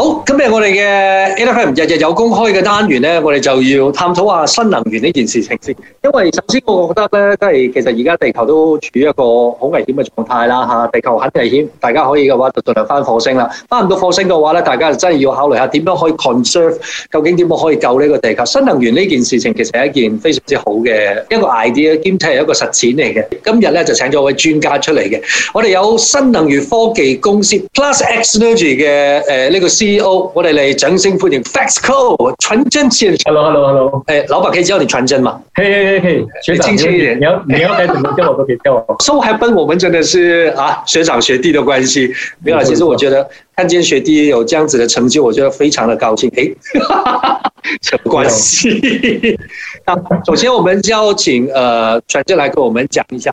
好，今日我哋嘅 Airtime 日日有公開嘅單元呢，我哋就要探討下新能源呢件事情先。因為首先我覺得呢，都係其實而家地球都處於一個好危險嘅狀態啦嚇，地球很危險。大家可以嘅話就盡量翻火星啦，翻唔到火星嘅話呢，大家就真係要考慮下點樣可以 conserve，究竟點樣可以救呢個地球？新能源呢件事情其實係一件非常之好嘅一個 idea，兼且係一個實踐嚟嘅。今日呢，就請咗位專家出嚟嘅，我哋有新能源科技公司 Plus X Energy 嘅呢個、呃 C.O. 我哋嚟，掌聲歡迎 Fax Ko 傳真先生。Hello，Hello，Hello。誒，老闆可以叫你傳真嗎？嘿，嘿，嘿，嘿。學長，學長，你要你要怎麼叫我都可以叫我。So happen 我們真的是啊，學長學弟的關係。唔好意思，其實我覺得看見學弟有這樣子的成就，我覺得非常的高興。誒、hey, 什麼關係？Hello. 那首先我們邀請，誒、呃，傳真來跟我們講一下。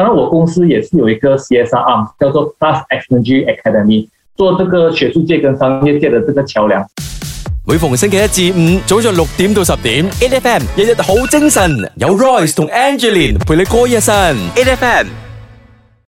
當然，我公司也是有一個 CSR 啊，叫做 Plus Xnergy Academy，做這個學術界跟商業界的這個橋梁。每逢星期一至五，早上六點到十點，8FM 日日好精神，有 Royce 同 Angeline 陪你過一生 8FM。